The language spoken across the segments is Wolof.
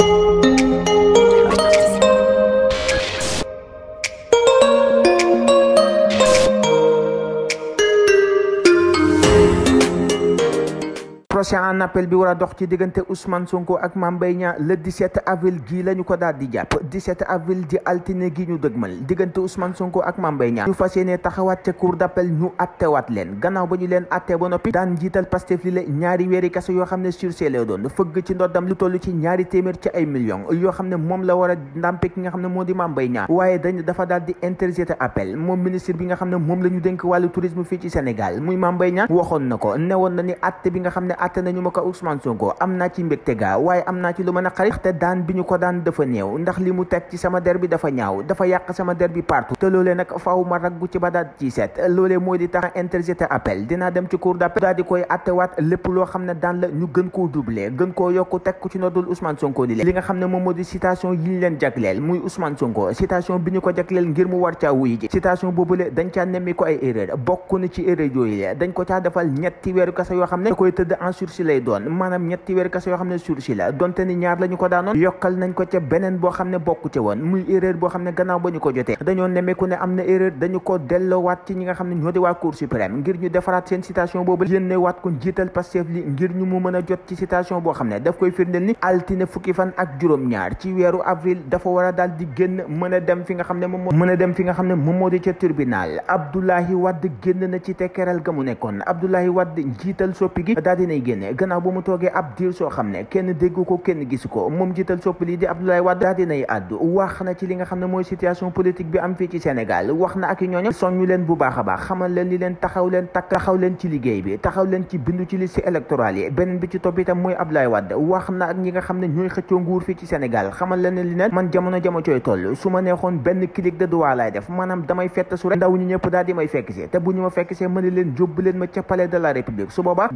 Música procès en appel bi war a dox ci diggante Ousmane Sonko ak Mame Mbaye Niang le 17 avril gi la ñu ko daal di jàpp 17 avril di altine gi ñu dëgmal diggante Ousmane Sonko ak Mame Mbaye Niang ñu fas yéene taxawaat ca cour d'appel ñu attewaat leen gannaaw ba ñu leen atte ba noppi daan jiital Pastef li la ñaari weeri kaso yoo xam ne sursis lay doon fëgg ci ndoddam lu toll ci ñaari téeméer ci ay millions yoo xam ne moom la war a ndàmpe ki nga xam ne moo di bi nga xam ne moom la ñu dénk wàllu tourisme fii ci Sénégal muy Mame Mbaye Niang waxoon atte nañu ma ko Ousmane Sonko am naa ci mbégte gaa waaye am naa ci lu mën a xarit te daan bi ñu ko daan dafa néew ndax li mu teg ci sama der dafa ñaaw dafa yàq sama der partout te loolee nag faaw ma raggu ci ba daat ci seet loolee mooy di tax interjeté appel dinaa dem ci cour d'appel daal loo xam ne daan la ñu gën koo doublé gën koo yokku teg ku ci noddul Ousmane Sonko li li nga xam ne moom moo di citation yi ñu leen muy Ousmane Sonko citation bi ñu ko jagleel ngir mu war caa wuy ji citation boobule dañ caa nemmi sursis lay doon maanaam ñetti weer kaso yoo xam ne sursis la donte ni ñaar la ko daanoon yokkal nañ ko ca beneen boo xam ne bokku ca woon muy erreur boo xam ne gannaaw ba ñu ko jotee dañoo nemeeku ne am na erreur dañu ko delloowaat ci ñi nga xam ne ñoo di waa cour suprême ngir ñu defaraat seen citation boobu yénne waat ko njiital Pastef li ngir ñu mu mën a jot ci citation boo xam ne daf koy firndeel ni altine fukki fan ak juróom ñaar ci weeru war a daal di génn mën a dem fi nga xam ne moom mën a dem fi nga xam ne moom moo di ca tribunal Abdoulaye Wade génn na ci tekkeral ga mu nekkoon Abdoulaye Wade njiital soppi génne gannaaw ba mu toogee ab diir soo xam ne kenn dégg ko kenn gisu ko moom jiital soppali di Abdoulaye Wade daa dinay àddu wax na ci li nga xam ne mooy situation politique bi am fii ci Sénégal wax na ak ñooñu soññu leen bu baax a baax xamal leen li leen taxaw leen takk taxaw leen ci liggéey bi taxaw leen ci bindu ci liste électorale yi beneen bi ci topp itam mooy Abdoulaye Wade wax na ak ñi nga xam ne ñooy xëccoo nguur fii ci Sénégal xamal leen li leen man jamono jamono cooy toll su ma neexoon benn clic de doigt laay def maanaam damay fett su rek ndaw ñu ñëpp daal di may fekk si te bu leen jóbbu leen ma ca palais la république su booba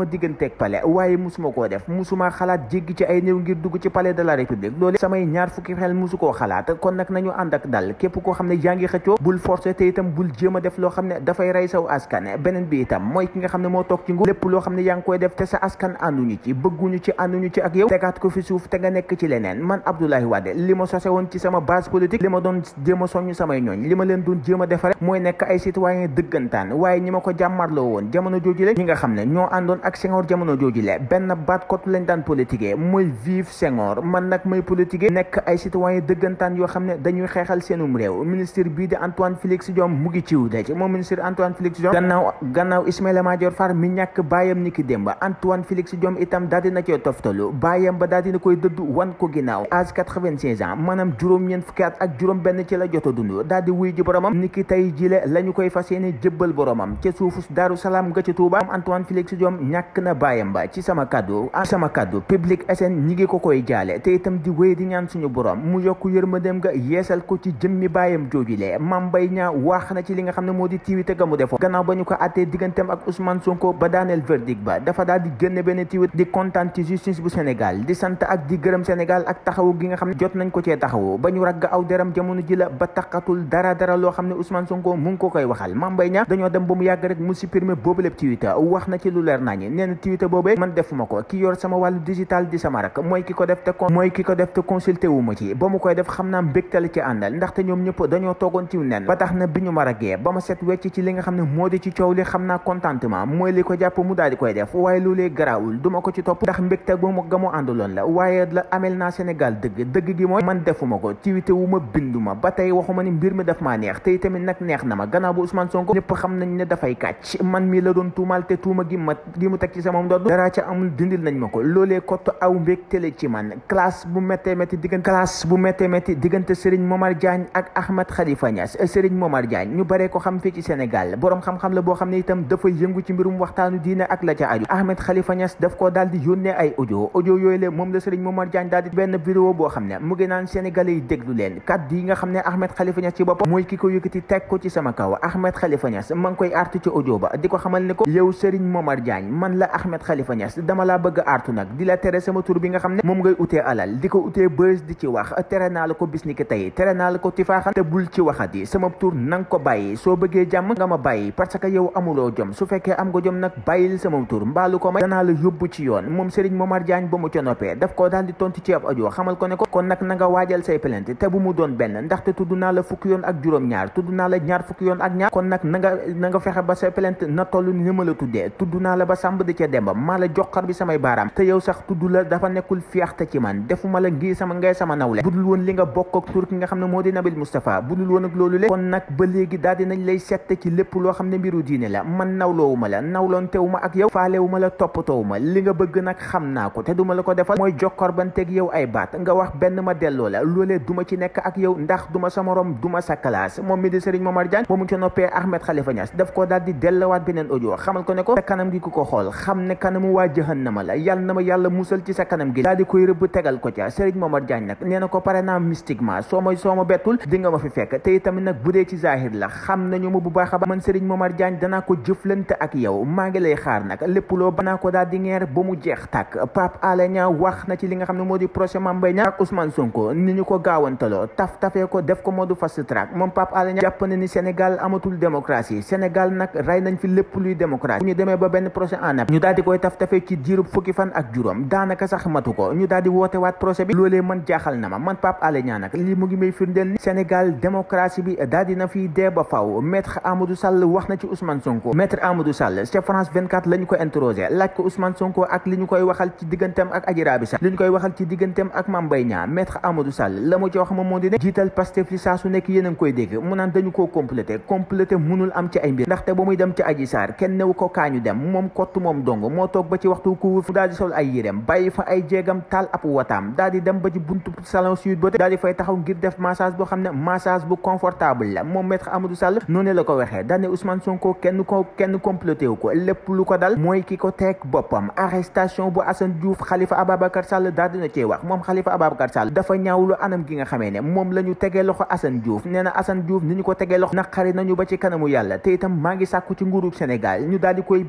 sama digganteeg palais waaye musuma koo def musuma xalaat jéggi ci ay néew ngir dugg ci palais de la république samay ñaar fukki xel musu koo xalaat kon nag nañu ànd ak dal képp koo xam ne yaa ngi xëccoo bul forcé te itam bul jéem a def loo xam ne dafay rey saw askan beneen bi itam mooy ki nga xam ne moo toog ci nguur lépp loo xam ne yaa ngi koy def te sa askan ànduñu ci bëgguñu ci ànduñu ci ak yow tegaat ko fi suuf te nga nekk ci leneen man Abdoulaye a soññ samay ñooñ ma leen doon jéem a defare mooy nekk ay citoyen dëggantaan waaye ñi ma ko jàmmarloo woon ak Senghor jamono joji le ben bat kot lañ dan politique moy vif Senghor man nak moy politique nek ay citoyen deugantane yo xamne dañuy xexal senum rew ministre bi de Antoine Felix diom mu ngi wu de ci mo ministre Antoine Felix diom gannaaw gannaaw ismaël Major Far mi ñak bayam niki demba Antoine Felix diom itam dal dina ci toftalu bayam ba dal dina koy dëdd wan ko ginaaw âge quatre manam ans manam juróom ñen fukki ak juróom ben ci la dal di wuy ji boromam ni ki jile la koy fas yéene boromam ca suufu Daaru Salaam nga ca Tuuba Antoine diom ñak ñàkk na baayam ba ci sama kàddu ah sama Public SN ñi ngi ko koy jaale te itam di wéy di ñaan suñu borom mu yokk yërmandeem ga yeesal ko ci jëmmi baayam joojule Mame na ci li nga xam ne moo di tiwi te gamu defoon gannaaw ba ñu ko àttee digganteem ak Ousmane Sonko ba daaneel verdict ba dafa daal di génne benn tiwi di kontaan ci justice bu Sénégal di sant ak di gërëm Sénégal ak taxawu gi nga xam ne jot nañ ko cee taxawu ba ñu ragg aw deram jamono ji la ba taxatul dara dara loo xam ne Ousmane Sonko mu ngi ko koy waxal Mame Mbaye Niang dañoo dem nee na tiwite boobee man defuma ko ki yor sama wàllu digital di sama rak mooy ki ko def te mooy ki ko def te consulté wu ma ci ba mu koy def xam naa mbégtale ci ñëpp dañoo toogoon ci nen ba tax na bi ñu xam ne moo di ci coow li xam naa contentement mooy li ko jàpp mu daal di koy def waaye loolee garaawul duma ko ci topp ndax mbégte ba mu ga mu àndaloon la waaye la amel naa Sénégal dëgg dëgg gi mooy man defuma ko tiwite wu ma binduma ba tey waxuma ni mbir mi def maa neex tey tamit nag neex na ma gannaaw bu Ousmane Sonko ñëpp xam nañ ne dafay kàcc man mi la doon tuumal te tuuma ma mu tek ci sama ndodd dara ci amul dindil nañ lolé ko to aw mbek tele ci man classe bu méttee métti digënt classe bu méttee métti diggante Serigne Momar Diagne ak Ahmed Khalifa nias Serigne Momar Diagne ñu baree ko xam fi ci Sénégal borom xam-xam la bo xam itam dafa yëngu ci mbirum waxtaanu diine ak la ci aju Ahmed Khalifa nias daf ko daldi di ay audio audio yoyele mom la Serigne Momar Diagne daldi ben vidéo boo mu ngi naan Sénégalais yi déglu len kàddu yi nga xamne Ahmed Khalifa nias ci bop moy kiko yëkëti tek ko ci sama kaw Ahmed Khalifa nias mang koy art ci audio ba diko xamal ne ko yow Serigne Momar Diagne man la Ahmed Khalifa Niass dama laa bëgg aartu nag di la tere sama tur bi nga xam ne moom ngay ute alal di ko utee bës di ci wax tere naa la ko bis ni ki tey tere naa la ko tifaaxan te bul ci waxati sama tur nang ko bàyyi soo bëggee jàmm nga ma bàyyi parce que yow amuloo jom su am nga jom nag bàyyil sama tur mbaalu ko may danaa la yóbbu ci yoon moom Serigne Momar Diagne ba mu ca noppee daf koo daal tontu ci ab xamal ko ne ko kon nag na waajal say plainte te bu mu doon benn ndaxte tudd naa la fukki yoon ak juróom ñaar tudd naa ñaar fukki yoon ak ñaar kon nag na nga na fexe ba sa plainte na toll ni ma la tuddee tudd naa la ba sàmb di ca demba maa la jox xar bi samay baaraam te yow la dafa nekkul fierté ci man defuma la ngir di Nabil Moustapha budul woon loo xam ne mbiru diine la man nawloowuma la nawloon teewuma ak yow faalewuma la toppatoowuma li nga bëgg nag xam naa ko te duma la ko defal mooy jokkorbanteeg yow ay baat nga wax benn ma delloo la loolee duma ci nekk ak yow ndax duma sa morom duma sa classe moom mi di Serigne Momar Diagne moomu ca noppee Ahmed Khalifa Niass daf ko daal di dellawaat beneen audio xamal ko ne kanam gi ko xool xool xam ne kanamu waa jahannama la yàlla na ma yàlla musal ci sa kanam gi daal di koy rëbb tegal ko ca Serigne Momar Diagne nag nee ko pare naa mystiquement ma soo bettul di ma fi fekk te itamit nag bu dee ci zahir la xam nañu ma bu baax man Serigne Momar Diagne danaa ko jëflante ak yow maa ngi lay xaar nag lépp loo banaa ko daal di ngeer ba mu jeex tàkk Pape Alé Niang wax na ci li nga xam ne moo di projet Mame Mbaye Niang ak Ousmane Sonko ni ñu ko gaawantaloo taf tafee ko def ko modu fast track moom Pape na ni Sénégal amatul démocratie Sénégal maanaam ñu daldi koy taf-tafe ci diirub fukki fan ak juróom danaka sax matuko ñu daldi woté wat procès bi lolé man jaxal na ma man Pape Alé Niang nag lii mu ngi may firndel ni Sénégal démocratie bi daldi na fi dee ba faw maître Amadou Sall wax na ci Ousmane Sonko maître Amadou Sall ci France 24 lañ ko interrogé laaj ko Ousmane Sonko ak liñ koy waxal ci digëntem ak Adji Raby Sarr li koy waxal ci digëntem ak mam bay ñaan maître Amadou Sall la mu ci wax moom moo di ne jiital Pastef li saa su nekk yéen ngi koy dégg mu nan dañu ko compléter compléter munul am ci ay mbir ndaxte ba muy dem ci Adji sar kenn néw ko kañu dem mom kott du moom dong moo toog ba ci waxtu couvre mu daal di sol ay yéreem bàyyi fa ay jéegam taal ab wataam daal di dem ba ci buntu salon sud boo xam ne massage bu confortable la moom maître Amadou Sall ko kenn ko kenn comploté ko lépp lu ko dal mooy ki ko teeg boppam arrestation bu Assane Diouf Khalifa Ababacar Sall daal dina cee wax moom Khalifa Ababacar Sall dafa ñaawlu anam gi nga xamee ne moom la ñu loxo Assane Diouf nee na Assane Diouf ni ñu ko tegee loxo naqari nañu ñu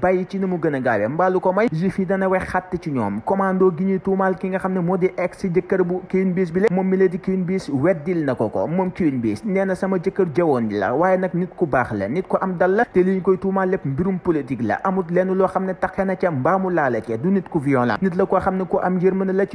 daal ci ni a gaawe mbaa lu ko may juif yi dana wex xàtt ci ñoom commando gi ñuy tuumaal ki nga xam ne moo di ex jëkkër bu Queen Biz bi la moom mi la di Queen Biz weddil na ko ko moom Queen Biz nee na sama jëkkër jëwoon la waaye nag nit ku baax la nit ku am yërmande la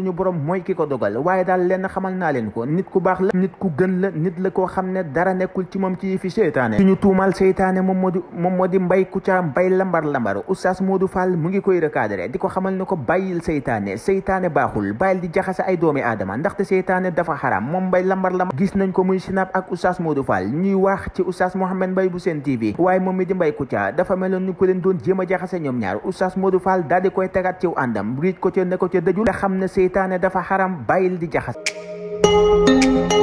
suñu borom mooy ki ko dogal waaye daal lenn xamal naa leen ko nit ku baax la nit ku gën la nit la koo xam ne dara ne nekkul ci moom ci yëfi seytaane suñu tuumal seytaane moom moo di moom moo di mbay kucca mbay lambar lambar oustaz Modou Fall mu ngi koy recadré di ko xamal ne ko bàyyil seytaane seytaane baaxul bàyyil di jaxase ay doomi aadama ndaxte seytaane dafa xaram moom mbay lambar lambar gis nañ ko muy sinab ak moo Modou Fall ñuy wax ci oustaz Mohamed Mbay bu seen TV waaye moom mi di mbay kucca dafa meloon ni ku leen doon jéem a jaxase ñoom ñaar oustaz moo Fall daal di koy tegaat ciw àndam riij ko ca ne ko ca dëjul te xam dafa xaram bàyyil di jaxase